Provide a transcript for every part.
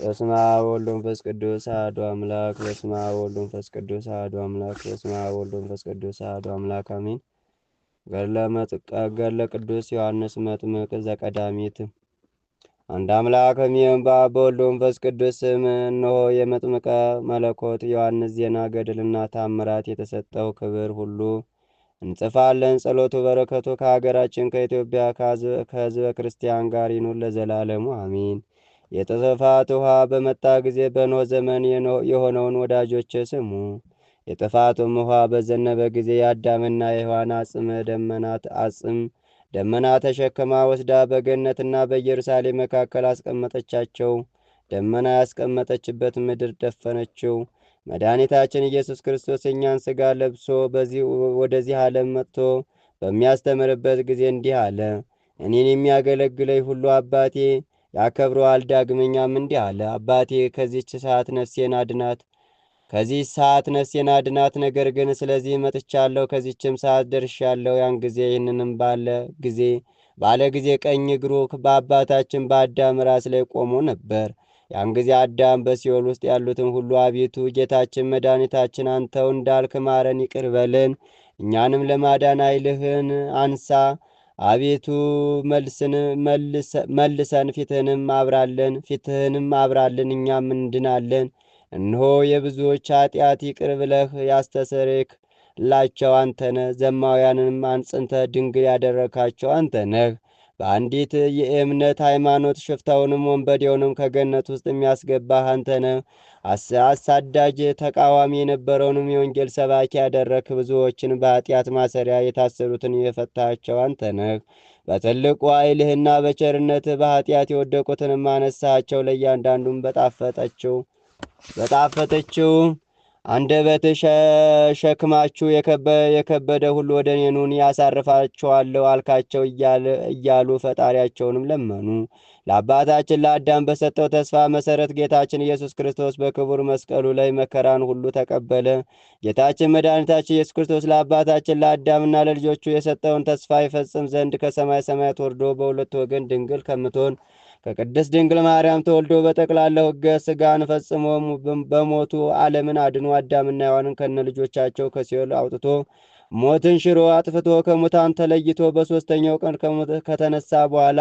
በስመ አብ ወወልድ ወመንፈስ ቅዱስ አሐዱ አምላክ። በስመ አብ ወወልድ ወመንፈስ ቅዱስ አሐዱ አምላክ። በስመ አብ ወወልድ ወመንፈስ ቅዱስ አሐዱ አምላክ አሜን። ገድለ ቅዱስ ዮሐንስ መጥምቅ ዘቀዳሚት። አንድ አምላክ በሚሆን በአብ በወልድ በመንፈስ ቅዱስ ስም እነሆ የመጥምቀ መለኮት ዮሐንስ ዜና ገድልና ታምራት የተሰጠው ክብር ሁሉ እንጽፋለን። ጸሎቱ በረከቱ ከሀገራችን ከኢትዮጵያ ከሕዝበ ክርስቲያን ጋር ይኑር ለዘላለሙ አሚን። የጥፋት ውሃ በመጣ ጊዜ በኖህ ዘመን የሆነውን ወዳጆች ስሙ። የጥፋቱም ውሃ በዘነበ ጊዜ የአዳምና የሔዋን አጽመ ደመናት አጽም ደመና ተሸክማ ወስዳ በገነትና በኢየሩሳሌም መካከል አስቀመጠቻቸው። ደመና ያስቀመጠችበት ምድር ደፈነችው። መድኃኒታችን ኢየሱስ ክርስቶስ እኛን ሥጋ ለብሶ ወደዚህ ዓለም መጥቶ በሚያስተምርበት ጊዜ እንዲህ አለ። እኔን የሚያገለግለኝ ሁሉ አባቴ ያከብረዋል። ዳግመኛም እንዲህ አለ፣ አባቴ ከዚች ሰዓት ነፍሴን አድናት ከዚህ ሰዓት ነፍሴን አድናት። ነገር ግን ስለዚህ መጥቻለሁ፣ ከዚችም ሰዓት ደርሻለሁ። ያን ጊዜ ይህንንም ባለ ጊዜ ባለ ጊዜ ቀኝ እግሩ በአባታችን በአዳም ራስ ላይ ቆሞ ነበር። ያን ጊዜ አዳም በሲኦል ውስጥ ያሉትን ሁሉ አቤቱ ጌታችን መድኃኒታችን አንተው እንዳልክ ማረን፣ ይቅር በለን፣ እኛንም ለማዳን ኃይልህን አንሳ አቤቱ መልሰን ፊትህንም አብራለን ፊትህንም አብራለን እኛም እንድናለን። እነሆ የብዙዎች ኃጢአት ይቅር ብለህ ያስተሰርክ ላቸው አንተነ ዘማውያንንም አንጽንተ ድንግል ያደረካቸው አንተ ነህ። በአንዲት የእምነት ሃይማኖት ሽፍታውንም ወንበዴውንም ከገነት ውስጥ የሚያስገባህ አንተ ነህ። አሳዳጅ ተቃዋሚ የነበረውንም የወንጌል ሰባኪ ያደረክ፣ ብዙዎችን በኃጢአት ማሰሪያ የታሰሩትን የፈታቸው አንተ ነህ። በትልቁ ኃይልህና በቸርነትህ በኃጢአት የወደቁትንም አነሳቸው። ለእያንዳንዱም በጣፈጠችው በጣፈጠችው አንደበት ሸክማችሁ የከበደ ሁሉ ወደ እኔ ያሳርፋችኋለሁ አልካቸው እያሉ ፈጣሪያቸውንም ለመኑ። ለአባታችን ለአዳም በሰጠው ተስፋ መሰረት ጌታችን ኢየሱስ ክርስቶስ በክቡር መስቀሉ ላይ መከራን ሁሉ ተቀበለ። ጌታችን መድኃኒታችን ኢየሱስ ክርስቶስ ለአባታችን ለአዳምና ለልጆቹ የሰጠውን ተስፋ ይፈጽም ዘንድ ከሰማይ ሰማያት ወርዶ በሁለት ወገን ድንግል ከምትሆን ከቅድስት ድንግል ማርያም ተወልዶ በጠቅላላው ሕገ ሥጋን ፈጽሞ በሞቱ ዓለምን አድኖ አዳምና ሔዋንን ከነ ልጆቻቸው ከሲኦል አውጥቶ ሞትን ሽሮ አጥፍቶ ከሙታን ተለይቶ በሦስተኛው ቀን ከተነሳ በኋላ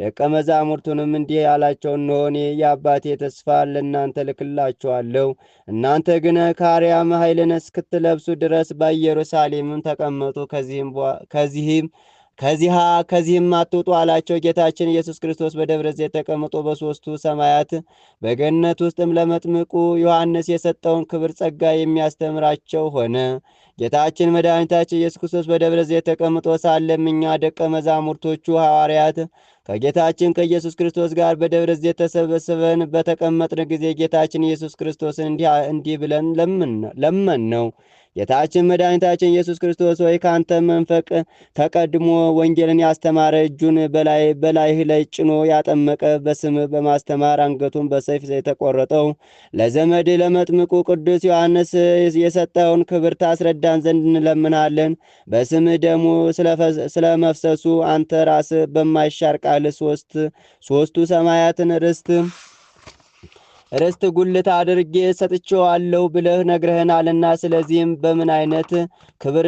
ደቀ መዛሙርቱንም እንዲህ ያላቸው፣ እነሆ እኔ የአባቴ ተስፋ ለእናንተ ልክላችኋለሁ። እናንተ ግን ከአርያም ኃይልን እስክትለብሱ ድረስ በኢየሩሳሌምም ተቀመጡ። ከዚህም ከዚህ ከዚህም አትውጡ አላቸው። ጌታችን ኢየሱስ ክርስቶስ በደብረ ዘይት ተቀምጦ በሦስቱ ሰማያት በገነት ውስጥም ለመጥምቁ ዮሐንስ የሰጠውን ክብር ጸጋ የሚያስተምራቸው ሆነ። ጌታችን መድኃኒታችን ኢየሱስ ክርስቶስ በደብረ ዘይት ተቀምጦ ሳለም እኛ ደቀ መዛሙርቶቹ ሐዋርያት ከጌታችን ከኢየሱስ ክርስቶስ ጋር በደብረ ዘይት ተሰበስበን በተቀመጥን ጊዜ ጌታችን ኢየሱስ ክርስቶስን እንዲህ ብለን ለምን ነው ጌታችን መድኃኒታችን ኢየሱስ ክርስቶስ ሆይ ከአንተ መንፈቅ ተቀድሞ ወንጌልን ያስተማረ እጁን በላይህ ላይ ጭኖ ያጠመቀ በስም በማስተማር አንገቱን በሰይፍ የተቆረጠው ለዘመድ ለመጥምቁ ቅዱስ ዮሐንስ የሰጠውን ክብር ታስረዳን ዘንድ እንለምናለን። በስም ደሙ ስለመፍሰሱ አንተ ራስ በማይሻር ቃል ሶስቱ ሰማያትን ርስት ርስት ጉልት አድርጌ ሰጥቼዋለሁ ብለህ ነግረህናልና፣ ስለዚህም በምን አይነት ክብር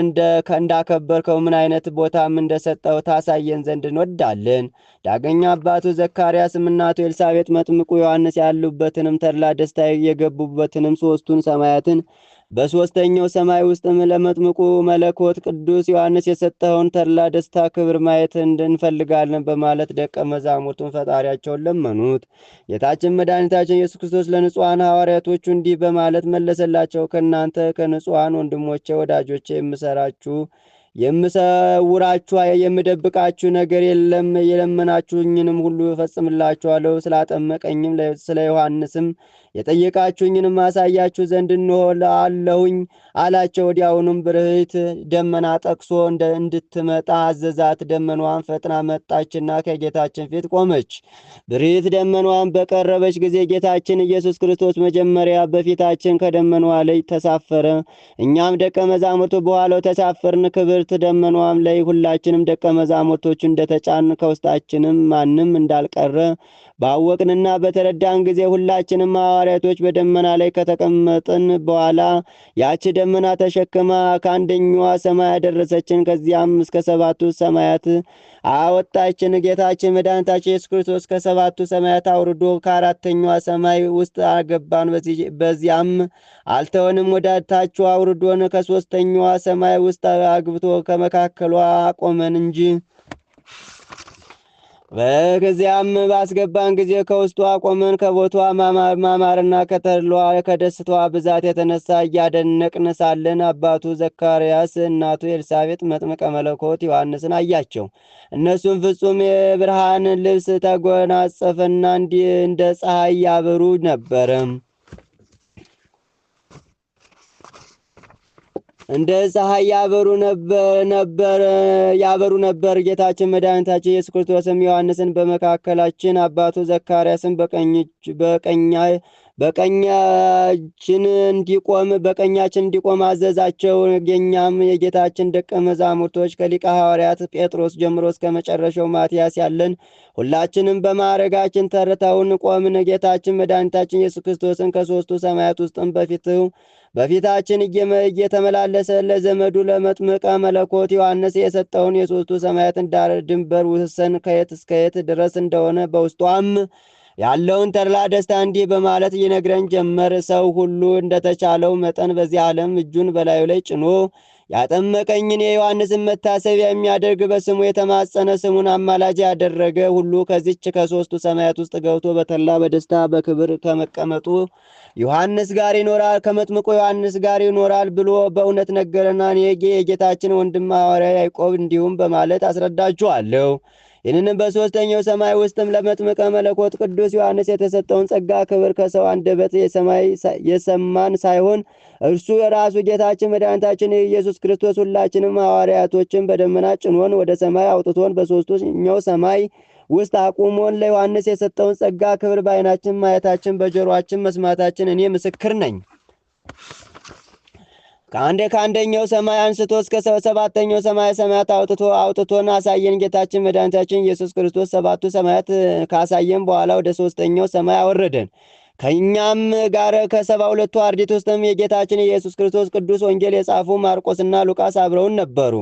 እንዳከበርከው ምን አይነት ቦታም እንደሰጠው ታሳየን ዘንድ እንወዳለን። ዳገኛ አባቱ ዘካርያስም እናቱ ኤልሳቤጥ መጥምቁ ዮሐንስ ያሉበትንም ተድላ ደስታ የገቡበትንም ሦስቱን ሰማያትን በሦስተኛው ሰማይ ውስጥም ለመጥምቁ መለኮት ቅዱስ ዮሐንስ የሰጠኸውን ተድላ ደስታ ክብር ማየት እንድንፈልጋለን በማለት ደቀ መዛሙርቱን ፈጣሪያቸውን ለመኑት። ጌታችን መድኃኒታችን ኢየሱስ ክርስቶስ ለንጹሐን ሐዋርያቶቹ እንዲህ በማለት መለሰላቸው። ከእናንተ ከንጹሐን ወንድሞቼ ወዳጆቼ የምሰራችሁ የምሰውራችሁ የምደብቃችሁ ነገር የለም። የለመናችሁኝንም ሁሉ እፈጽምላችኋለሁ። ስላጠመቀኝም ስለ ዮሐንስም የጠየቃችሁኝን ማሳያችሁ ዘንድ እንሆ አለሁኝ አላቸው። ወዲያውኑም ብርህት ደመና ጠቅሶ እንድትመጣ አዘዛት። ደመኗን ፈጥና መጣችና ከጌታችን ፊት ቆመች። ብርህት ደመናዋን በቀረበች ጊዜ ጌታችን ኢየሱስ ክርስቶስ መጀመሪያ በፊታችን ከደመናዋ ላይ ተሳፈረ። እኛም ደቀ መዛሙርቱ በኋላው ተሳፈርን። ክብርት ደመኗም ላይ ሁላችንም ደቀ መዛሙርቶቹ እንደተጫን ከውስጣችንም ማንም እንዳልቀረ ባወቅንና በተረዳን ጊዜ ሁላችንም ሐዋርያቶች በደመና ላይ ከተቀመጥን በኋላ ያች ደመና ተሸክማ ከአንደኛዋ ሰማይ ያደረሰችን ከዚያም እስከ ሰባቱ ሰማያት አወጣችን። ጌታችን መድኃኒታችን ኢየሱስ ክርስቶስ ከሰባቱ ሰማያት አውርዶ ከአራተኛዋ ሰማይ ውስጥ አገባን። በዚያም አልተወንም ወዳታችሁ አውርዶን ከሦስተኛዋ ሰማይ ውስጥ አግብቶ ከመካከሏ አቆመን እንጂ በዚያም ባስገባን ጊዜ ከውስጧ ቆመን ከቦቷ ማማርና ከተድሏ ከደስታዋ ብዛት የተነሳ እያደነቅን ሳለን አባቱ ዘካርያስ እናቱ ኤልሳቤጥ መጥምቀ መለኮት ዮሐንስን አያቸው። እነሱም ፍጹም የብርሃን ልብስ ተጎናጸፈና እንደ ፀሐይ ያበሩ ነበረ። እንደ ፀሐይ ያበሩ ነበር። ጌታችን መድኃኒታችን ኢየሱስ ክርስቶስም ዮሐንስን በመካከላችን አባቱ ዘካርያስን በቀኛችን እንዲቆም በቀኛችን እንዲቆም አዘዛቸው። የኛም የጌታችን ደቀ መዛሙርቶች ከሊቀ ሐዋርያት ጴጥሮስ ጀምሮ እስከ መጨረሻው ማትያስ ያለን ሁላችንም በማዕረጋችን ተርተውን ቆምን። ጌታችን መድኃኒታችን ኢየሱስ ክርስቶስን ከሦስቱ ሰማያት ውስጥም በፊትው በፊታችን እየተመላለሰ ለዘመዱ ለመጥምቀ መለኮት ዮሐንስ የሰጠውን የሦስቱ ሰማያትን ዳር ድንበር ውስን ከየት እስከ የት ድረስ እንደሆነ በውስጧም ያለውን ተድላ ደስታ እንዲህ በማለት ይነግረን ጀመር። ሰው ሁሉ እንደተቻለው መጠን በዚህ ዓለም እጁን በላዩ ላይ ጭኖ ያጠመቀኝን የዮሐንስን መታሰቢያ የሚያደርግ በስሙ የተማጸነ ስሙን አማላጅ ያደረገ ሁሉ ከዚች ከሶስቱ ሰማያት ውስጥ ገብቶ በተላ በደስታ በክብር ከመቀመጡ ዮሐንስ ጋር ይኖራል ከመጥምቁ ዮሐንስ ጋር ይኖራል ብሎ በእውነት ነገረና እኔ የጌታችን ወንድም ሐዋርያ ያዕቆብ እንዲሁም በማለት አስረዳችኋለሁ። ይህንንም በሦስተኛው ሰማይ ውስጥም ለመጥምቀ መለኮት ቅዱስ ዮሐንስ የተሰጠውን ጸጋ ክብር ከሰው አንደበት የሰማን ሳይሆን እርሱ የራሱ ጌታችን መድኃኒታችን የኢየሱስ ክርስቶስ ሁላችንም ሐዋርያቶችን በደመና ጭኖን ወደ ሰማይ አውጥቶን በሦስተኛው ሰማይ ውስጥ አቁሞን ለዮሐንስ የሰጠውን ጸጋ ክብር በዓይናችን ማየታችን፣ በጆሮአችን መስማታችን እኔ ምስክር ነኝ። ከአንድ ከአንደኛው ሰማይ አንስቶ እስከ ሰባተኛው ሰማይ ሰማያት አውጥቶ አውጥቶን አሳየን። ጌታችን መድኃኒታችን ኢየሱስ ክርስቶስ ሰባቱ ሰማያት ካሳየን በኋላ ወደ ሶስተኛው ሰማይ አወረደን። ከእኛም ጋር ከሰባ ሁለቱ አርድእት ውስጥም የጌታችን የኢየሱስ ክርስቶስ ቅዱስ ወንጌል የጻፉ ማርቆስና ሉቃስ አብረውን ነበሩ።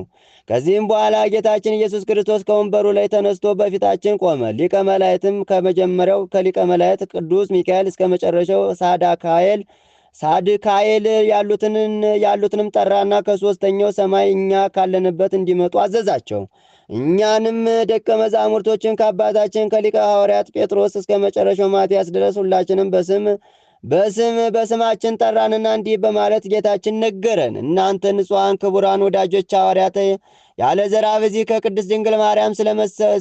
ከዚህም በኋላ ጌታችን ኢየሱስ ክርስቶስ ከወንበሩ ላይ ተነስቶ በፊታችን ቆመ። ሊቀ መላእክትም ከመጀመሪያው ከሊቀ መላእክት ቅዱስ ሚካኤል እስከ መጨረሻው ሳዳካኤል ሳድካኤል ያሉትንም ጠራና ከሦስተኛው ሰማይ እኛ ካለንበት እንዲመጡ አዘዛቸው። እኛንም ደቀ መዛሙርቶችን ከአባታችን ከሊቀ ሐዋርያት ጴጥሮስ እስከ መጨረሻው ማትያስ ድረስ ሁላችንም በስም በስም በስማችን ጠራንና እንዲህ በማለት ጌታችን ነገረን። እናንተ ንጹሐን ክቡራን ወዳጆች ሐዋርያት ያለ ዘራ በዚህ ከቅድስት ድንግል ማርያም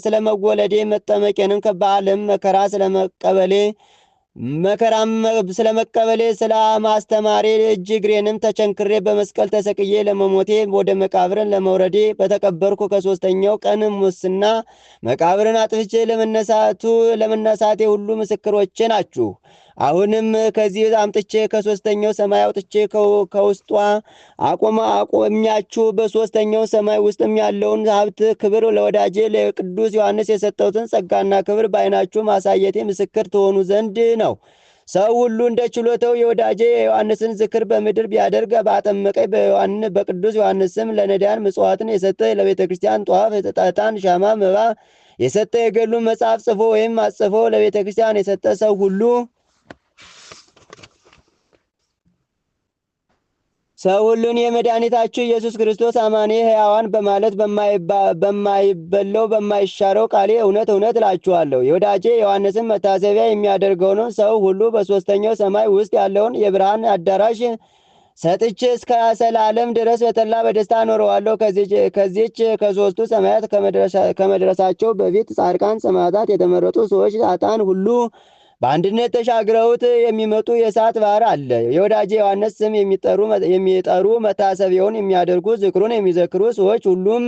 ስለመወለዴ መጠመቄንም ከባዓለም መከራ ስለመቀበሌ መከራም ስለ መቀበሌ ስለ ማስተማሬ እጅ እግሬንም ተቸንክሬ በመስቀል ተሰቅዬ ለመሞቴ ወደ መቃብርን ለመውረዴ በተቀበርኩ ከሶስተኛው ቀን ሙስና መቃብርን አጥፍቼ ለመነሳቱ ለመነሳቴ ሁሉ ምስክሮቼ ናችሁ። አሁንም ከዚህ አምጥቼ ከሶስተኛው ሰማይ አውጥቼ ከውስጧ አቆማ አቆሚያችሁ በሶስተኛው ሰማይ ውስጥም ያለውን ሀብት ክብር ለወዳጄ ለቅዱስ ዮሐንስ የሰጠሁትን ጸጋና ክብር በዓይናችሁ ማሳየቴ ምስክር ትሆኑ ዘንድ ነው። ሰው ሁሉ እንደ ችሎተው የወዳጄ የዮሐንስን ዝክር በምድር ቢያደርግ በአጠመቀኝ በቅዱስ ዮሐንስም ለነዳያን ምጽዋትን የሰጠ ለቤተ ክርስቲያን ጠዋፍ፣ ዕጣን፣ ሻማ፣ መባ የሰጠ የገሉ መጽሐፍ ጽፎ ወይም አጽፎ ለቤተ ክርስቲያን የሰጠ ሰው ሁሉ ሰው ሁሉን የመድኃኒታችሁ ኢየሱስ ክርስቶስ አማኔ ሕያዋን በማለት በማይበለው በማይሻረው ቃሌ እውነት እውነት እላችኋለሁ የወዳጄ ዮሐንስን መታሰቢያ የሚያደርገውን ሰው ሁሉ በሦስተኛው ሰማይ ውስጥ ያለውን የብርሃን አዳራሽ ሰጥቼ እስከ ሰላለም ድረስ በተላ በደስታ ኖረዋለሁ። ከዚች ከሦስቱ ሰማያት ከመድረሳቸው በፊት ጻድቃን፣ ሰማዕታት፣ የተመረጡ ሰዎች፣ አጣን ሁሉ በአንድነት ተሻግረውት የሚመጡ የእሳት ባህር አለ። የወዳጄ ዮሐንስ ስም የሚጠሩ መታሰቢያውን የሚያደርጉ ዝክሩን የሚዘክሩ ሰዎች ሁሉም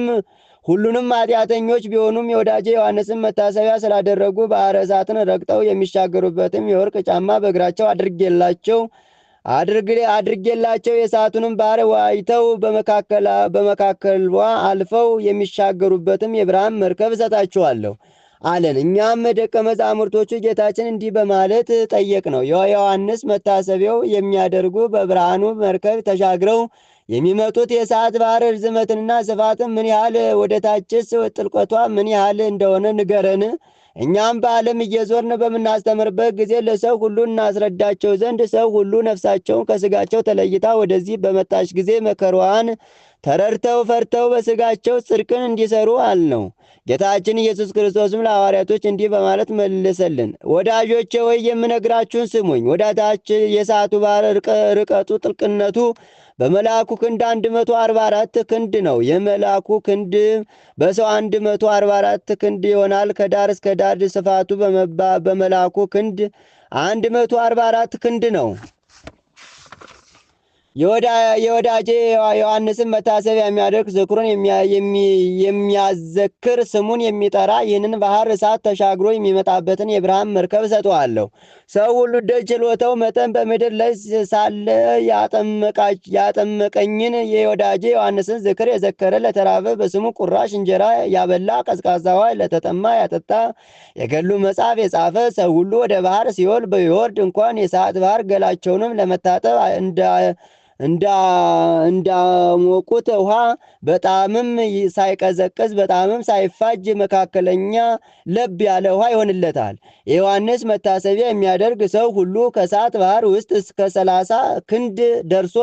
ሁሉንም ኃጢአተኞች ቢሆኑም የወዳጄ ዮሐንስን መታሰቢያ ስላደረጉ ባህረ እሳትን ረግጠው የሚሻገሩበትም የወርቅ ጫማ በእግራቸው አድርጌላቸው አድርጌላቸው የእሳቱንም ባህር ዋይተው በመካከልቧ አልፈው የሚሻገሩበትም የብርሃን መርከብ እሰጣችኋለሁ። አለን። እኛም ደቀ መዛሙርቶቹ ጌታችን እንዲህ በማለት ጠየቅ ነው የዮሐንስ መታሰቢያው የሚያደርጉ በብርሃኑ መርከብ ተሻግረው የሚመጡት የሰዓት ባህር ርዝመትንና ስፋትን ምን ያህል ወደ ታችስ ጥልቀቷ ምን ያህል እንደሆነ ንገረን እኛም በዓለም እየዞርን በምናስተምርበት ጊዜ ለሰው ሁሉ እናስረዳቸው ዘንድ ሰው ሁሉ ነፍሳቸውን ከስጋቸው ተለይታ ወደዚህ በመጣች ጊዜ መከሯዋን ተረድተው ፈርተው በስጋቸው ጽድቅን እንዲሰሩ አልነው። ጌታችን ኢየሱስ ክርስቶስም ለሐዋርያቶች እንዲህ በማለት መልሰልን፣ ወዳጆቼ ወይ የምነግራችሁን ስሙኝ። ወዳታች የሰዓቱ ባህር ርቀቱ ጥልቅነቱ በመልአኩ ክንድ 144 ክንድ ነው። የመልአኩ ክንድ በሰው 144 ክንድ ይሆናል። ከዳር እስከ ዳር ስፋቱ በመልአኩ ክንድ 144 ክንድ ነው። የወዳጄ ዮሐንስን መታሰቢያ የሚያደርግ ዝክሩን የሚያዘክር ስሙን የሚጠራ ይህንን ባህር እሳት ተሻግሮ የሚመጣበትን የብርሃን መርከብ እሰጠዋለሁ። ሰው ሁሉ እንደ መጠን በምድር ላይ ሳለ ያጠመቀኝን የወዳጄ ዮሐንስን ዝክር የዘከረ ለተራበ በስሙ ቁራሽ እንጀራ ያበላ፣ ቀዝቃዛ ውሃ ለተጠማ ያጠጣ፣ የገሉ መጽሐፍ የጻፈ ሰው ሁሉ ወደ ባህር ሲወል በይወርድ እንኳን የሰዓት ባህር ገላቸውንም ለመታጠብ እንዳ እንዳሞቁት ውሃ በጣምም ሳይቀዘቅዝ በጣምም ሳይፋጅ መካከለኛ ለብ ያለ ውሃ ይሆንለታል። የዮሐንስ መታሰቢያ የሚያደርግ ሰው ሁሉ ከእሳት ባህር ውስጥ እስከ ሰላሳ ክንድ ደርሶ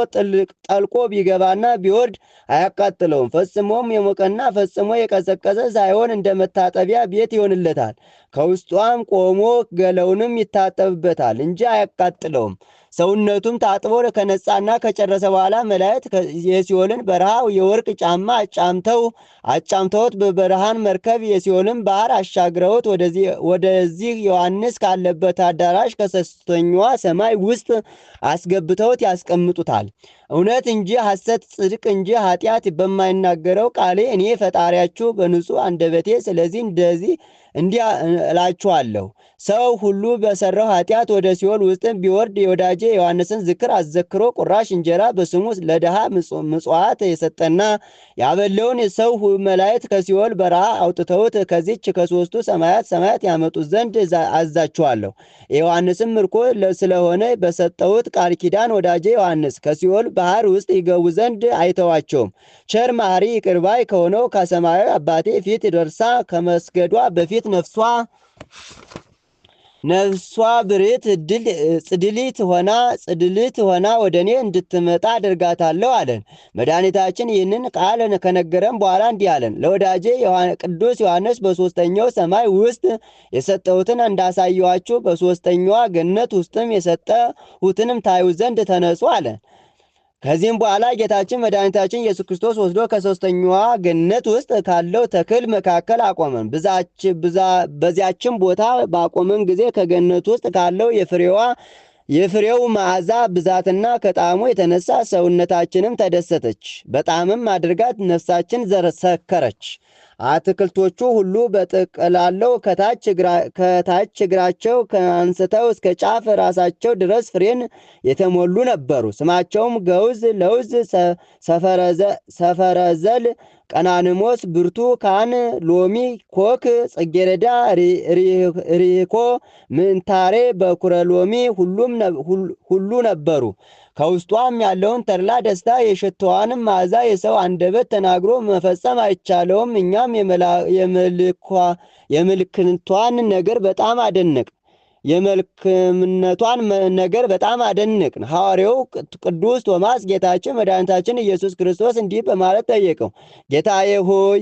ጠልቆ ቢገባና ቢወርድ አያቃጥለውም። ፈጽሞም የሞቀና ፈጽሞ የቀዘቀዘ ሳይሆን እንደ መታጠቢያ ቤት ይሆንለታል። ከውስጧም ቆሞ ገለውንም ይታጠብበታል እንጂ አያቃጥለውም። ሰውነቱም ታጥቦ ከነጻና ከጨረሰ በኋላ መላእክት የሲኦልን በረሃ የወርቅ ጫማ አጫምተው አጫምተውት በበረሃን መርከብ የሲኦልን ባህር አሻግረውት ወደዚህ ዮሐንስ ካለበት አዳራሽ ከሦስተኛዋ ሰማይ ውስጥ አስገብተውት ያስቀምጡታል። እውነት እንጂ ሐሰት፣ ጽድቅ እንጂ ኃጢአት በማይናገረው ቃሌ እኔ ፈጣሪያችሁ በንጹህ አንደበቴ ስለዚህ እንደዚህ እንዲህ እላችኋለሁ፣ ሰው ሁሉ በሰራው ኃጢአት ወደ ሲኦል ውስጥም ቢወርድ የወዳጄ ዮሐንስን ዝክር አዘክሮ ቁራሽ እንጀራ በስሙ ለድሃ ምጽዋት የሰጠና ያበለውን ሰው መላእክት ከሲኦል በረሃ አውጥተውት ከዚች ከሦስቱ ሰማያት ሰማያት ያመጡት ዘንድ አዛችኋለሁ። የዮሐንስም ምርኮ ስለሆነ በሰጠውት ቃል ኪዳን ወዳጄ ዮሐንስ ከሲኦል ባህር ውስጥ ይገቡ ዘንድ አይተዋቸውም። ቸር ማሪ ይቅርባይ ከሆነው ከሰማያዊ አባቴ ፊት ደርሳ ከመስገዷ በፊት በእርግጥ ነፍሷ ነፍሷ ብርት ጽድሊት ሆና ጽድሊት ሆና ወደ እኔ እንድትመጣ አድርጋታለሁ አለን። መድኃኒታችን ይህንን ቃል ከነገረን በኋላ እንዲህ አለን። ለወዳጄ ቅዱስ ዮሐንስ በሶስተኛው ሰማይ ውስጥ የሰጠሁትን እንዳሳየኋችሁ በሶስተኛዋ ገነት ውስጥም የሰጠሁትንም ታዩ ዘንድ ተነሱ አለን። ከዚህም በኋላ ጌታችን መድኃኒታችን ኢየሱስ ክርስቶስ ወስዶ ከሦስተኛዋ ገነት ውስጥ ካለው ተክል መካከል አቆመን። በዚያችን ቦታ ባቆመን ጊዜ ከገነት ውስጥ ካለው የፍሬዋ የፍሬው መዓዛ ብዛትና ከጣዕሙ የተነሳ ሰውነታችንም ተደሰተች። በጣምም አድርጋት ነፍሳችን ሰከረች። አትክልቶቹ ሁሉ በጠቅላላው ከታች እግራቸው አንስተው እስከ ጫፍ ራሳቸው ድረስ ፍሬን የተሞሉ ነበሩ። ስማቸውም ገውዝ፣ ለውዝ፣ ሰፈረዘል፣ ቀናንሞስ፣ ብርቱ ካን፣ ሎሚ፣ ኮክ፣ ጽጌረዳ፣ ሪኮ፣ ምንታሬ፣ በኩረ ሎሚ ሁሉ ነበሩ። ከውስጧም ያለውን ተድላ ደስታ የሽታዋንም መዓዛ የሰው አንደበት ተናግሮ መፈጸም አይቻለውም። እኛም የምልክቷን ነገር በጣም አደነቅ የመልክምነቷን ነገር በጣም አደነቅን። ሐዋርያው ቅዱስ ቶማስ ጌታችን መድኃኒታችን ኢየሱስ ክርስቶስ እንዲህ በማለት ጠየቀው፣ ጌታዬ ሆይ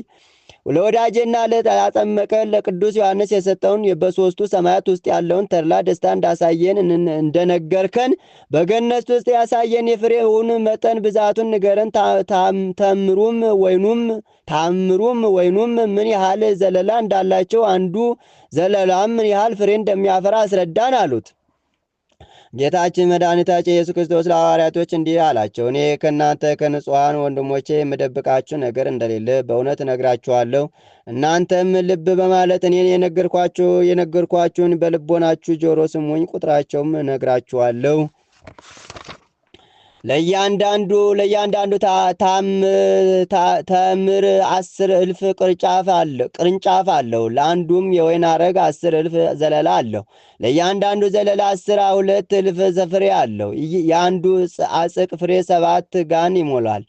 ለወዳጄና ለጠመቀ ለቅዱስ ዮሐንስ የሰጠውን በሦስቱ ሰማያት ውስጥ ያለውን ተድላ ደስታ እንዳሳየን እንደነገርከን በገነት ውስጥ ያሳየን የፍሬውን መጠን ብዛቱን ንገረን። ተምሩም ወይኑም ታምሩም ወይኑም ምን ያህል ዘለላ እንዳላቸው አንዱ ዘለላም ምን ያህል ፍሬ እንደሚያፈራ አስረዳን አሉት። ጌታችን መድኃኒታችን ኢየሱስ ክርስቶስ ለሐዋርያቶች እንዲህ አላቸው፣ እኔ ከእናንተ ከንጹሐን ወንድሞቼ የምደብቃችሁ ነገር እንደሌለ በእውነት እነግራችኋለሁ። እናንተም ልብ በማለት እኔን የነገርኳችሁ የነገርኳችሁን በልቦናችሁ ጆሮ ስሙኝ፣ ቁጥራቸውም እነግራችኋለሁ። ለእያንዳንዱ ለእያንዳንዱ ተምር አስር እልፍ ቅርንጫፍ አለው። ለአንዱም የወይን አረግ አስር እልፍ ዘለላ አለው። ለእያንዳንዱ ዘለላ አስራ ሁለት እልፍ ፍሬ አለው። የአንዱ አጽቅ ፍሬ ሰባት ጋን ይሞላል።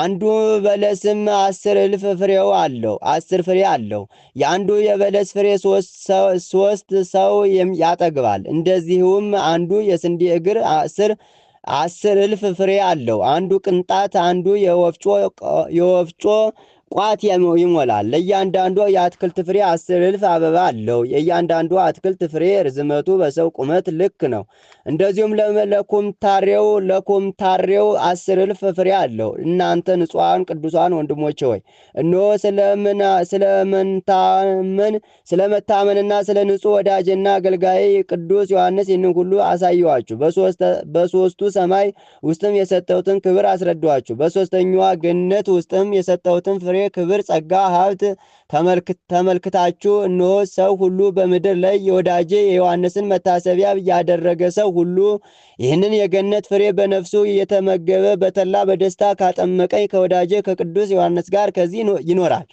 አንዱ በለስም አስር እልፍ ፍሬው አለው አስር ፍሬ አለው። የአንዱ የበለስ ፍሬ ሶስት ሰው ያጠግባል። እንደዚሁም አንዱ የስንዴ እግር አስር አስር እልፍ ፍሬ አለው። አንዱ ቅንጣት አንዱ የወፍጮ ቋት ይሞላል። ለእያንዳንዱ የአትክልት ፍሬ አስር እልፍ አበባ አለው። የእያንዳንዱ አትክልት ፍሬ ርዝመቱ በሰው ቁመት ልክ ነው። እንደዚሁም ለኮምታሬው ለኮምታሬው አስር እልፍ ፍሬ አለው። እናንተ ንጹሐን ቅዱሳን ወንድሞች ሆይ እነሆ ስለመታመን ስለመታመንና ስለ ንጹሕ ወዳጅና አገልጋይ ቅዱስ ዮሐንስ ይህንን ሁሉ አሳየኋችሁ። በሦስቱ ሰማይ ውስጥም የሰጠሁትን ክብር አስረዷችሁ። በሦስተኛዋ ገነት ውስጥም የሰጠሁትን ፍሬ ክብር፣ ጸጋ፣ ሀብት ተመልክታችሁ እነሆ ሰው ሁሉ በምድር ላይ የወዳጄ የዮሐንስን መታሰቢያ ያደረገ ሰው ሁሉ ይህንን የገነት ፍሬ በነፍሱ እየተመገበ በተላ በደስታ ካጠመቀኝ ከወዳጄ ከቅዱስ ዮሐንስ ጋር ከዚህ ይኖራል።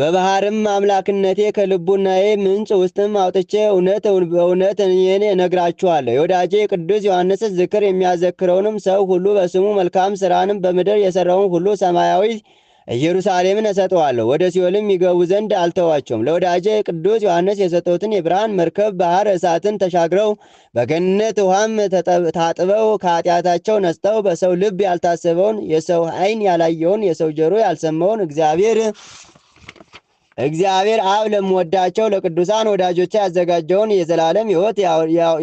በባህርም አምላክነቴ ከልቡናዬ ምንጭ ውስጥም አውጥቼ እውነት በእውነት እኔን እነግራችኋለሁ። የወዳጄ ቅዱስ ዮሐንስ ዝክር የሚያዘክረውንም ሰው ሁሉ በስሙ መልካም ስራንም በምድር የሰራውን ሁሉ ሰማያዊ ኢየሩሳሌምን እሰጠዋለሁ። ወደ ሲኦልም ይገቡ ዘንድ አልተዋቸውም። ለወዳጄ ቅዱስ ዮሐንስ የሰጠሁትን የብርሃን መርከብ ባህር እሳትን ተሻግረው በገነት ውሃም ታጥበው ከኃጢአታቸው ነጽተው በሰው ልብ ያልታሰበውን የሰው ዓይን ያላየውን የሰው ጆሮ ያልሰማውን እግዚአብሔር እግዚአብሔር አብ ለምወዳቸው ለቅዱሳን ወዳጆቼ ያዘጋጀውን የዘላለም ሕይወት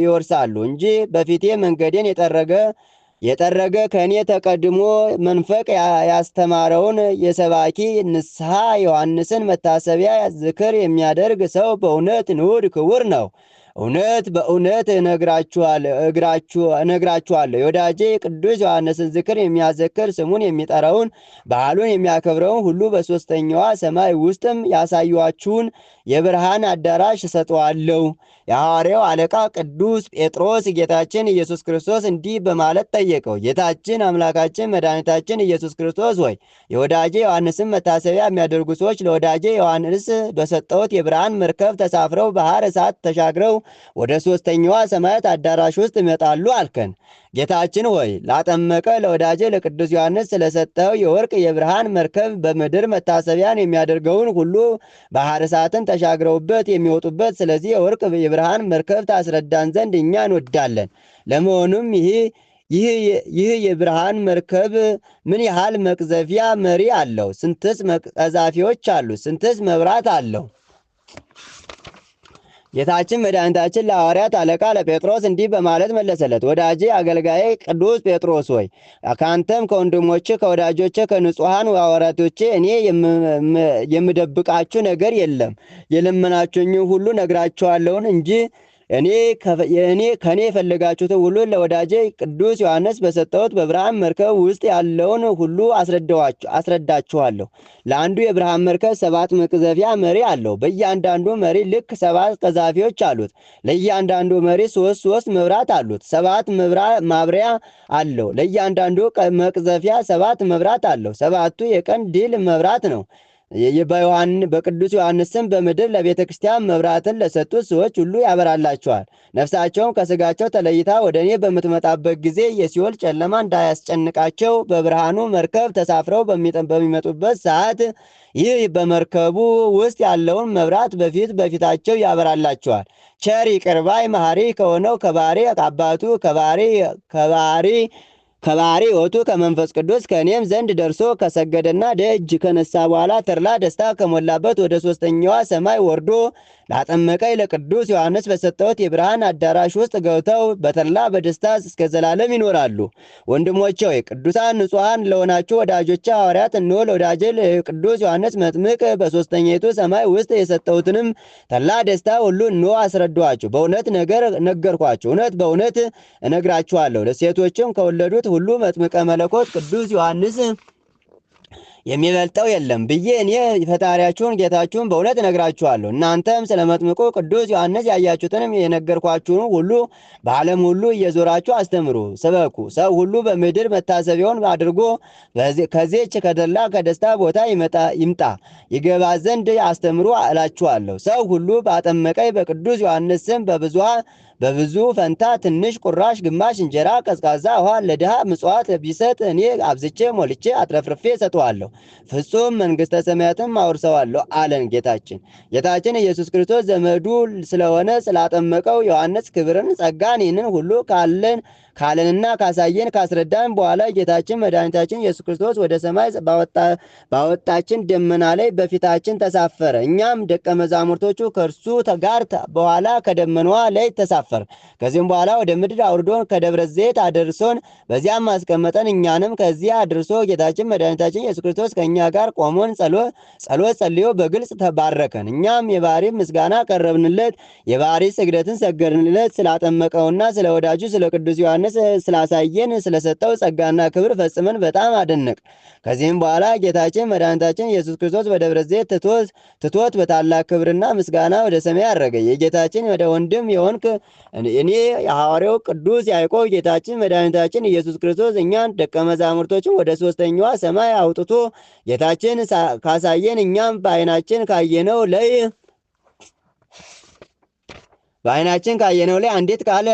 ይወርሳሉ እንጂ በፊቴ መንገዴን የጠረገ የጠረገ ከእኔ ተቀድሞ መንፈቅ ያስተማረውን የሰባኪ ንስሐ ዮሐንስን መታሰቢያ ዝክር የሚያደርግ ሰው በእውነት ንዑድ ክቡር ነው። እውነት በእውነት እነግራችኋለሁ የወዳጄ ቅዱስ ዮሐንስን ዝክር የሚያዘክር ስሙን የሚጠራውን በዓሉን የሚያከብረውን ሁሉ በሦስተኛዋ ሰማይ ውስጥም ያሳዩችሁን የብርሃን አዳራሽ እሰጠዋለሁ። የሐዋርያው አለቃ ቅዱስ ጴጥሮስ ጌታችን ኢየሱስ ክርስቶስ እንዲህ በማለት ጠየቀው። ጌታችን አምላካችን መድኃኒታችን ኢየሱስ ክርስቶስ ወይ የወዳጄ ዮሐንስን መታሰቢያ የሚያደርጉ ሰዎች ለወዳጄ ዮሐንስ በሰጠሁት የብርሃን መርከብ ተሳፍረው ባህር እሳት ተሻግረው ወደ ሦስተኛዋ ሰማያት አዳራሽ ውስጥ ይመጣሉ አልከን። ጌታችን ሆይ ላጠመቀ ለወዳጄ ለቅዱስ ዮሐንስ ስለሰጠው የወርቅ የብርሃን መርከብ በምድር መታሰቢያን የሚያደርገውን ሁሉ ባሕረ ተሻግረውበት የሚወጡበት ስለዚህ የወርቅ የብርሃን መርከብ ታስረዳን ዘንድ እኛ እንወዳለን። ለመሆኑም ይህ ይህ የብርሃን መርከብ ምን ያህል መቅዘፊያ መሪ አለው? ስንትስ ቀዛፊዎች አሉ? ስንትስ መብራት አለው? ጌታችን መድኃኒታችን ለሐዋርያት አለቃ ለጴጥሮስ እንዲህ በማለት መለሰለት፣ ወዳጄ አገልጋዬ ቅዱስ ጴጥሮስ ሆይ ከአንተም ከወንድሞች ከወዳጆች ከንጹሐን ሐዋርያቶቼ እኔ የምደብቃችሁ ነገር የለም። የለመናችሁኝ ሁሉ ነግራችኋለሁን እንጂ እኔ ከእኔ የፈለጋችሁትን ሁሉ ለወዳጄ ቅዱስ ዮሐንስ በሰጠሁት በብርሃን መርከብ ውስጥ ያለውን ሁሉ አስረዳችኋለሁ። ለአንዱ የብርሃን መርከብ ሰባት መቅዘፊያ መሪ አለው። በእያንዳንዱ መሪ ልክ ሰባት ቀዛፊዎች አሉት። ለእያንዳንዱ መሪ ሶስት ሶስት መብራት አሉት። ሰባት ማብሪያ አለው። ለእያንዳንዱ መቅዘፊያ ሰባት መብራት አለው። ሰባቱ የቀን ድል መብራት ነው። በቅዱስ ዮሐንስ ስም በምድር ለቤተ ክርስቲያን መብራትን ለሰጡት ሰዎች ሁሉ ያበራላቸዋል። ነፍሳቸውም ከስጋቸው ተለይታ ወደ እኔ በምትመጣበት ጊዜ የሲኦል ጨለማ እንዳያስጨንቃቸው በብርሃኑ መርከብ ተሳፍረው በሚመጡበት ሰዓት ይህ በመርከቡ ውስጥ ያለውን መብራት በፊት በፊታቸው ያበራላቸዋል። ቸሪ ቅርባይ መሐሪ ከሆነው ከባሪ አባቱ ከባሪ ከባህሪ ወቱ ከመንፈስ ቅዱስ ከእኔም ዘንድ ደርሶ ከሰገደና ደእጅ ከነሳ በኋላ ተርላ ደስታ ከሞላበት ወደ ሶስተኛዋ ሰማይ ወርዶ ላጠመቀኝ ለቅዱስ ዮሐንስ በሰጠሁት የብርሃን አዳራሽ ውስጥ ገብተው በተድላ በደስታ እስከ ዘላለም ይኖራሉ። ወንድሞቼ ሆይ ቅዱሳን ንጹሐን ለሆናችሁ ወዳጆቼ ሐዋርያት እንሆ ለወዳጄ ቅዱስ ዮሐንስ መጥምቅ በሦስተኛይቱ ሰማይ ውስጥ የሰጠሁትንም ተድላ ደስታ ሁሉ እንሆ አስረዷችሁ። በእውነት ነገር ነገርኳችሁ፣ እውነት በእውነት እነግራችኋለሁ። ለሴቶችም ከወለዱት ሁሉ መጥምቀ መለኮት ቅዱስ ዮሐንስ የሚበልጠው የለም ብዬ እኔ ፈጣሪያችሁን ጌታችሁን በእውነት እነግራችኋለሁ። እናንተም ስለ መጥምቁ ቅዱስ ዮሐንስ ያያችሁትንም የነገርኳችሁን ሁሉ በዓለም ሁሉ እየዞራችሁ አስተምሩ፣ ስበኩ። ሰው ሁሉ በምድር መታሰቢያውን አድርጎ ከዚች ከደላ ከደስታ ቦታ ይምጣ ይገባ ዘንድ አስተምሩ እላችኋለሁ። ሰው ሁሉ ባጠመቀኝ በቅዱስ ዮሐንስ ስም በብዙ በብዙ ፈንታ ትንሽ ቁራሽ ግማሽ እንጀራ ቀዝቃዛ ውሃ ለድሃ ምጽዋት ቢሰጥ እኔ አብዝቼ ሞልቼ አትረፍርፌ እሰጠዋለሁ፣ ፍጹም መንግሥተ ሰማያትም አውርሰዋለሁ አለን ጌታችን። ጌታችን ኢየሱስ ክርስቶስ ዘመዱ ስለሆነ ስላጠመቀው ዮሐንስ ክብርን፣ ጸጋን ይህንን ሁሉ ካለን ካለንና ካሳየን ካስረዳን በኋላ ጌታችን መድኃኒታችን ኢየሱስ ክርስቶስ ወደ ሰማይ ባወጣችን ደመና ላይ በፊታችን ተሳፈረ። እኛም ደቀ መዛሙርቶቹ ከእርሱ ጋር በኋላ ከደመናዋ ላይ ተሳፈር። ከዚህም በኋላ ወደ ምድር አውርዶን ከደብረ ዘይት አደርሶን በዚያም አስቀመጠን። እኛንም ከዚያ አድርሶ ጌታችን መድኃኒታችን ኢየሱስ ክርስቶስ ከእኛ ጋር ቆሞን ጸሎት ጸልዮ በግልጽ ተባረከን። እኛም የባህሪ ምስጋና ቀረብንለት፣ የባህሪ ስግደትን ሰገድንለት። ስላጠመቀውና ስለ ወዳጁ ስለ ቅዱስ ዮሐንስ ስላሳየን ስለሰጠው ጸጋና ክብር ፈጽመን በጣም አደነቅ። ከዚህም በኋላ ጌታችን መድኃኒታችን ኢየሱስ ክርስቶስ በደብረ ዘይት ትቶት በታላቅ ክብርና ምስጋና ወደ ሰማይ አረገ። የጌታችን ወደ ወንድም የሆንክ እኔ የሐዋርያው ቅዱስ ያዕቆብ ጌታችን መድኃኒታችን ኢየሱስ ክርስቶስ እኛን ደቀ መዛሙርቶችን ወደ ሶስተኛዋ ሰማይ አውጥቶ ጌታችን ካሳየን እኛም በዓይናችን ካየነው ላይ በዓይናችን ካየነው ላይ አንዲት ቃል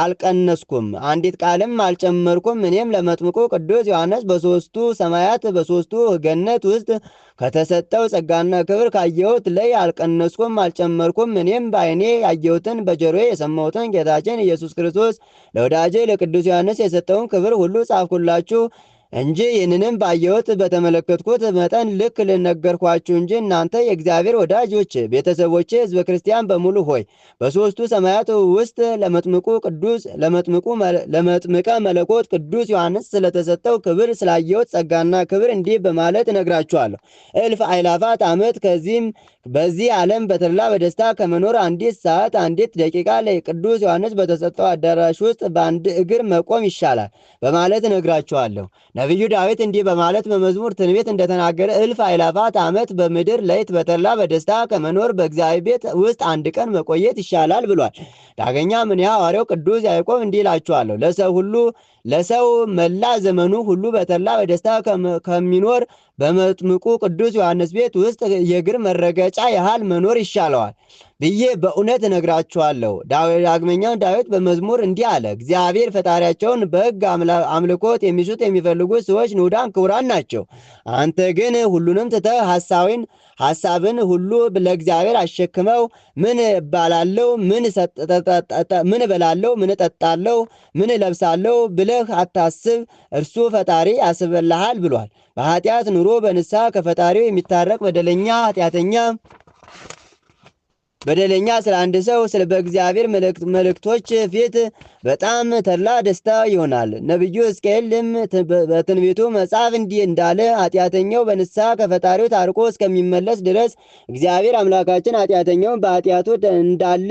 አልቀነስኩም፣ አንዲት ቃልም አልጨመርኩም። እኔም ለመጥምቁ ቅዱስ ዮሐንስ በሦስቱ ሰማያት በሦስቱ ገነት ውስጥ ከተሰጠው ጸጋና ክብር ካየሁት ላይ አልቀነስኩም፣ አልጨመርኩም። እኔም በዓይኔ ያየሁትን በጆሮዬ የሰማሁትን ጌታችን ኢየሱስ ክርስቶስ ለወዳጄ ለቅዱስ ዮሐንስ የሰጠውን ክብር ሁሉ ጻፍኩላችሁ። እንጂ ይህንንም ባየሁት በተመለከትኩት መጠን ልክ ልነገርኳችሁ እንጂ እናንተ የእግዚአብሔር ወዳጆች ቤተሰቦች ሕዝበ ክርስቲያን በሙሉ ሆይ በሦስቱ ሰማያት ውስጥ ለመጥምቁ ቅዱስ ለመጥምቁ ለመጥምቀ መለኮት ቅዱስ ዮሐንስ ስለተሰጠው ክብር ስላየሁት ጸጋና ክብር እንዲህ በማለት እነግራችኋለሁ። እልፍ አይላፋት ዓመት ከዚህም በዚህ ዓለም በተድላ በደስታ ከመኖር አንዲት ሰዓት አንዲት ደቂቃ ላይ ቅዱስ ዮሐንስ በተሰጠው አዳራሽ ውስጥ በአንድ እግር መቆም ይሻላል በማለት እነግራችኋለሁ። ነቢዩ ዳዊት እንዲህ በማለት በመዝሙር ትንቢት እንደተናገረ እልፍ አይላፋት ዓመት በምድር ላይት በተድላ በደስታ ከመኖር በእግዚአብሔር ቤት ውስጥ አንድ ቀን መቆየት ይሻላል ብሏል። ዳገኛ ምንያ ሐዋርያው ቅዱስ ያዕቆብ እንዲህ እላችኋለሁ ለሰው ሁሉ ለሰው መላ ዘመኑ ሁሉ በተላ በደስታ ከሚኖር በመጥምቁ ቅዱስ ዮሐንስ ቤት ውስጥ የእግር መረገጫ ያህል መኖር ይሻለዋል ብዬ በእውነት እነግራችኋለሁ። ዳግመኛው ዳዊት በመዝሙር እንዲህ አለ፣ እግዚአብሔር ፈጣሪያቸውን በሕግ አምልኮት የሚሹት የሚፈልጉት ሰዎች ንዑዳን ክቡራን ናቸው። አንተ ግን ሁሉንም ትተህ ሐሳዊን ሐሳብን ሁሉ ለእግዚአብሔር አሸክመው ምን እባላለሁ፣ ምን እበላለሁ፣ ምን እጠጣለሁ፣ ምን እለብሳለሁ ብለህ አታስብ፣ እርሱ ፈጣሪ ያስብልሃል ብሏል። በኃጢአት ኑሮ በንስሐ ከፈጣሪው የሚታረቅ በደለኛ ኃጢአተኛ በደለኛ ስለ አንድ ሰው ስለ በእግዚአብሔር መልእክቶች ፊት በጣም ተድላ ደስታ ይሆናል። ነቢዩ ሕዝቅኤልም በትንቢቱ መጽሐፍ እንዲህ እንዳለ ኃጢአተኛው በንስሐ ከፈጣሪው ታርቆ እስከሚመለስ ድረስ እግዚአብሔር አምላካችን ኃጢአተኛውን በኃጢአቱ እንዳለ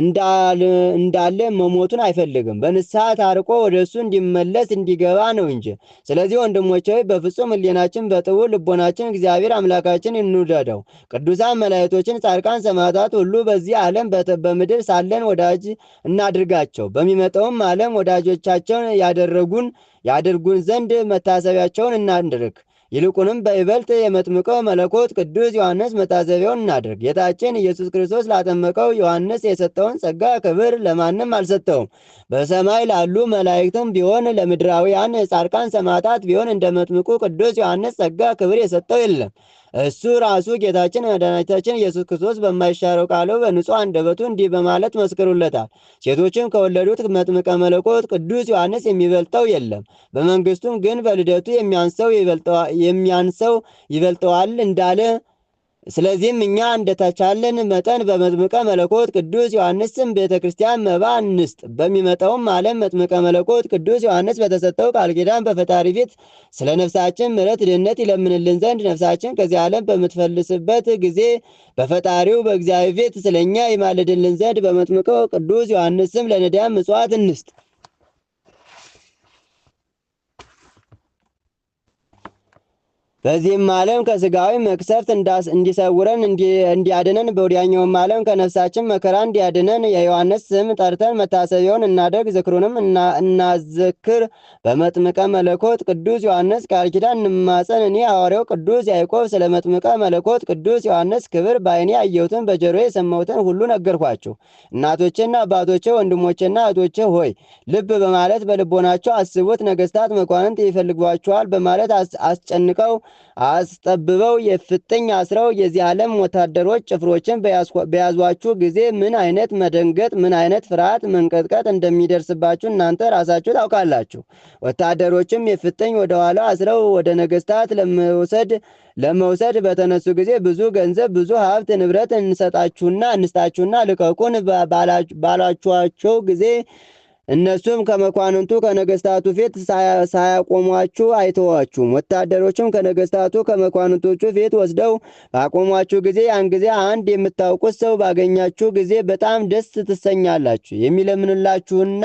እንዳለ መሞቱን አይፈልግም። በንስሐ ታርቆ ወደ እሱ እንዲመለስ እንዲገባ ነው እንጂ። ስለዚህ ወንድሞች ሆይ በፍጹም ሕሊናችን በጥቡ ልቦናችን እግዚአብሔር አምላካችን እንውደደው። ቅዱሳን መላእክቶችን፣ ጻድቃን፣ ሰማዕታት ሁሉ በዚህ ዓለም በምድር ሳለን ወዳጅ እናድርጋቸው። በሚመጣውም ዓለም ወዳጆቻቸውን ያደረጉን ያደርጉን ዘንድ መታሰቢያቸውን እናድርግ። ይልቁንም በይበልጥ የመጥምቀው መለኮት ቅዱስ ዮሐንስ መታዘቢያውን እናድርግ። ጌታችን ኢየሱስ ክርስቶስ ላጠመቀው ዮሐንስ የሰጠውን ጸጋ ክብር ለማንም አልሰጠውም። በሰማይ ላሉ መላእክትም ቢሆን ለምድራውያን ጻድቃን ሰማዕታት ቢሆን እንደ መጥምቁ ቅዱስ ዮሐንስ ጸጋ ክብር የሰጠው የለም። እሱ ራሱ ጌታችን መድኃኒታችን ኢየሱስ ክርስቶስ በማይሻረው ቃሉ በንጹሕ አንደበቱ እንዲህ በማለት መስክሩለታል። ሴቶችም ከወለዱት መጥምቀ መለኮት ቅዱስ ዮሐንስ የሚበልጠው የለም። በመንግስቱም ግን በልደቱ የሚያንሰው ይበልጠዋል እንዳለ ስለዚህም እኛ እንደተቻለን መጠን በመጥምቀ መለኮት ቅዱስ ዮሐንስም ቤተ ክርስቲያን መባ እንስጥ። በሚመጣውም ዓለም መጥምቀ መለኮት ቅዱስ ዮሐንስ በተሰጠው ቃል ኪዳን በፈጣሪ ፊት ስለ ነፍሳችን ምሕረት ድህነት ይለምንልን ዘንድ ነፍሳችን ከዚህ ዓለም በምትፈልስበት ጊዜ በፈጣሪው በእግዚአብሔር ፊት ስለ እኛ ይማልድልን ዘንድ በመጥምቀው ቅዱስ ዮሐንስም ለነዳያን ምጽዋት እንስጥ። በዚህም ዓለም ከስጋዊ መቅሰፍት እንዲሰውረን እንዲያድነን በወዲያኛውም ዓለም ከነፍሳችን መከራ እንዲያድነን የዮሐንስ ስም ጠርተን መታሰቢያውን እናደርግ፣ ዝክሩንም እናዘክር። በመጥምቀ መለኮት ቅዱስ ዮሐንስ ቃል ኪዳን እንማጸን። እኔ ሐዋርያው ቅዱስ ያዕቆብ ስለ መጥምቀ መለኮት ቅዱስ ዮሐንስ ክብር በዓይኔ ያየሁትን በጆሮ የሰማሁትን ሁሉ ነገርኳችሁ። እናቶቼና አባቶቼ፣ ወንድሞቼና እህቶቼ ሆይ ልብ በማለት በልቦናቸው አስቡት። ነገስታት መኳንንት ይፈልጓችኋል በማለት አስጨንቀው አስጠብበው የፍጥኝ አስረው የዚህ ዓለም ወታደሮች ጭፍሮችን በያዟችሁ ጊዜ ምን አይነት መደንገጥ፣ ምን አይነት ፍርሃት፣ መንቀጥቀጥ እንደሚደርስባችሁ እናንተ ራሳችሁ ታውቃላችሁ። ወታደሮችም የፍጥኝ ወደ ኋላ አስረው ወደ ነገስታት ለመውሰድ ለመውሰድ በተነሱ ጊዜ ብዙ ገንዘብ፣ ብዙ ሀብት ንብረት እንሰጣችሁና እንስጣችሁና ልቀቁን ባላችኋቸው ጊዜ እነሱም ከመኳንንቱ ከነገስታቱ ፊት ሳያቆሟችሁ አይተዋችሁም። ወታደሮችም ከነገስታቱ ከመኳንንቶቹ ፊት ወስደው ባቆሟችሁ ጊዜ ያን ጊዜ አንድ የምታውቁት ሰው ባገኛችሁ ጊዜ በጣም ደስ ትሰኛላችሁ። የሚለምንላችሁና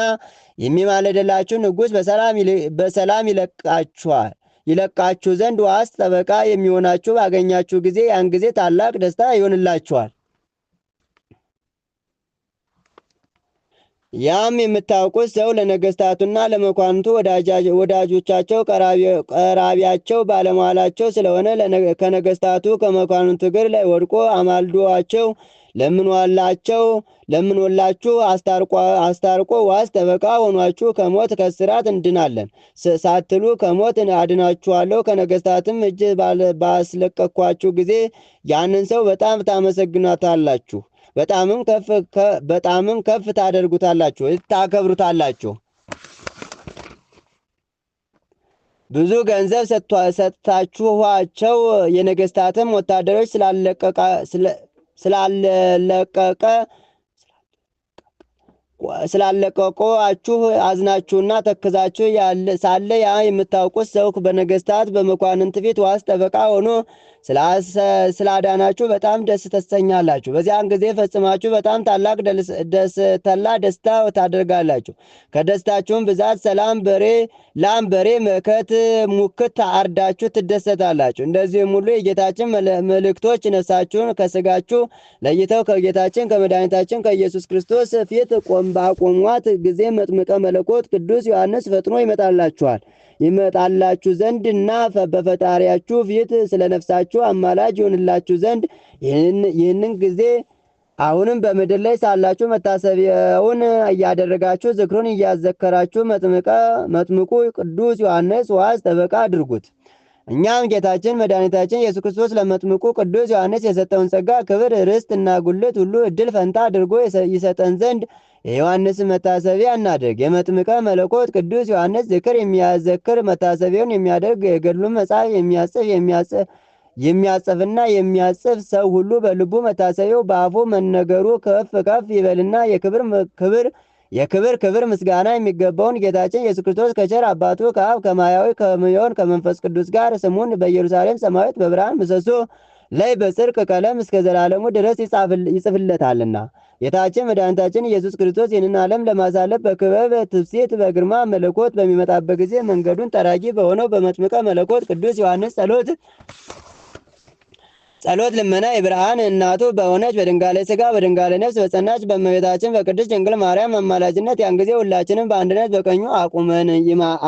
የሚማለደላችሁ ንጉሥ በሰላም ይለቃችኋል ይለቃችሁ ዘንድ ዋስ ጠበቃ የሚሆናችሁ ባገኛችሁ ጊዜ ያን ጊዜ ታላቅ ደስታ ይሆንላችኋል። ያም የምታውቁት ሰው ለነገስታቱና ለመኳንቱ ወዳጆቻቸው ቀራቢያቸው ባለሟላቸው ስለሆነ ከነገስታቱ ከመኳንቱ እግር ላይ ወድቆ አማልዶቸው ለምንዋላቸው ለምንወላችሁ አስታርቆ ዋስ ጠበቃ ሆኗችሁ ከሞት ከስራት እንድናለን ሳትሉ ከሞት አድናችኋለሁ። ከነገስታትም እጅ ባስለቀኳችሁ ጊዜ ያንን ሰው በጣም ታመሰግናታላችሁ። በጣምም ከፍ ታደርጉታላችሁ፣ ታከብሩታላችሁ። ብዙ ገንዘብ ሰጥታችኋቸው የነገስታትም ወታደሮች ስላለቀቀ ስላለቀቋችሁ አዝናችሁና ተክዛችሁ ሳለ ያ የምታውቁት ሰው በነገስታት በመኳንንት ፊት ዋስ ጠበቃ ሆኖ ስላዳናችሁ በጣም ደስ ተሰኛላችሁ። በዚያን ጊዜ ፈጽማችሁ በጣም ታላቅ ደስተላ ደስታ ታደርጋላችሁ። ከደስታችሁም ብዛት ሰላም በሬ፣ ላም፣ በሬ፣ መከት፣ ሙክት አርዳችሁ ትደሰታላችሁ። እንደዚህም ሁሉ የጌታችን መልእክቶች ነፍሳችሁን ከስጋችሁ ለይተው ከጌታችን ከመድኃኒታችን ከኢየሱስ ክርስቶስ ፊት ባቆሟት ጊዜ መጥምቀ መለኮት ቅዱስ ዮሐንስ ፈጥኖ ይመጣላችኋል ይመጣላችሁ ዘንድ እና በፈጣሪያችሁ ፊት ስለ ነፍሳችሁ አምላካችሁ አማላጅ ይሆንላችሁ ዘንድ ይህንን ጊዜ አሁንም በምድር ላይ ሳላችሁ መታሰቢያውን እያደረጋችሁ ዝክሩን እያዘከራችሁ መጥምቁ ቅዱስ ዮሐንስ ዋስ ጠበቃ አድርጉት። እኛም ጌታችን መድኃኒታችን ኢየሱስ ክርስቶስ ለመጥምቁ ቅዱስ ዮሐንስ የሰጠውን ጸጋ፣ ክብር፣ ርስት እና ጉልት ሁሉ እድል ፈንታ አድርጎ ይሰጠን ዘንድ የዮሐንስ መታሰቢያ እናድርግ። የመጥምቀ መለኮት ቅዱስ ዮሐንስ ዝክር የሚያዘክር መታሰቢያውን የሚያደርግ የገድሉን መጽሐፍ የሚያጽፍ የሚያጸፍና የሚያጽፍ ሰው ሁሉ በልቡ መታሰቢያው በአፉ መነገሩ ከፍ ከፍ ይበልና የክብር ክብር የክብር ክብር ምስጋና የሚገባውን ጌታችን ኢየሱስ ክርስቶስ ከቸር አባቱ ከአብ ከማያዊ ከሚሆን ከመንፈስ ቅዱስ ጋር ስሙን በኢየሩሳሌም ሰማያዊት በብርሃን ምሰሶ ላይ በጽርቅ ቀለም እስከ ዘላለሙ ድረስ ይጽፍለታልና። ጌታችን መድኃኒታችን ኢየሱስ ክርስቶስ ይህንን ዓለም ለማሳለፍ በክበብ ትፍሴት በግርማ መለኮት በሚመጣበት ጊዜ መንገዱን ጠራጊ በሆነው በመጥምቀ መለኮት ቅዱስ ዮሐንስ ጸሎት ጸሎት ልመና የብርሃን እናቱ በሆነች በድንጋሌ ሥጋ በድንጋሌ ነፍስ በጸናች በእመቤታችን በቅድስት ድንግል ማርያም አማላጅነት ያን ጊዜ ሁላችንም በአንድነት በቀኙ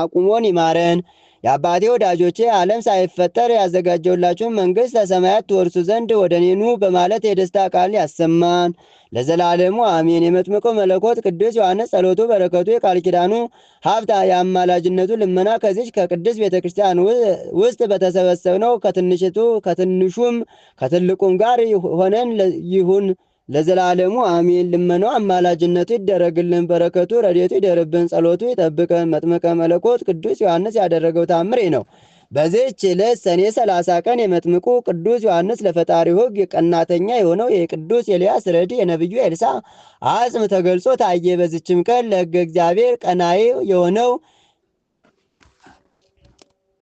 አቁሞን ይማረን። የአባቴ ወዳጆቼ ዓለም ሳይፈጠር ያዘጋጀውላችሁን መንግስት ከሰማያት ትወርሱ ዘንድ ወደ እኔ ኑ በማለት የደስታ ቃል ያሰማን ለዘላለሙ አሜን። የመጥምቆ መለኮት ቅዱስ ዮሐንስ ጸሎቱ፣ በረከቱ፣ የቃል ኪዳኑ ሀብት የአማላጅነቱ ልመና ከዚች ከቅዱስ ቤተ ክርስቲያን ውስጥ በተሰበሰብነው ከትንሽቱ ከትንሹም ከትልቁም ጋር ሆነን ይሁን። ለዘላለሙ አሜን። ልመናው አማላጅነቱ ይደረግልን፣ በረከቱ ረድኤቱ ይደርብን፣ ጸሎቱ ይጠብቀን። መጥመቀ መለኮት ቅዱስ ዮሐንስ ያደረገው ታምሬ ነው። በዚህች ዕለት ሰኔ 30 ቀን የመጥምቁ ቅዱስ ዮሐንስ ለፈጣሪው ሕግ ቀናተኛ የሆነው የቅዱስ ኤልያስ ረድ የነቢዩ ኤልሳ አጽም ተገልጾ ታየ። በዚችም ቀን ለሕገ እግዚአብሔር ቀናይ የሆነው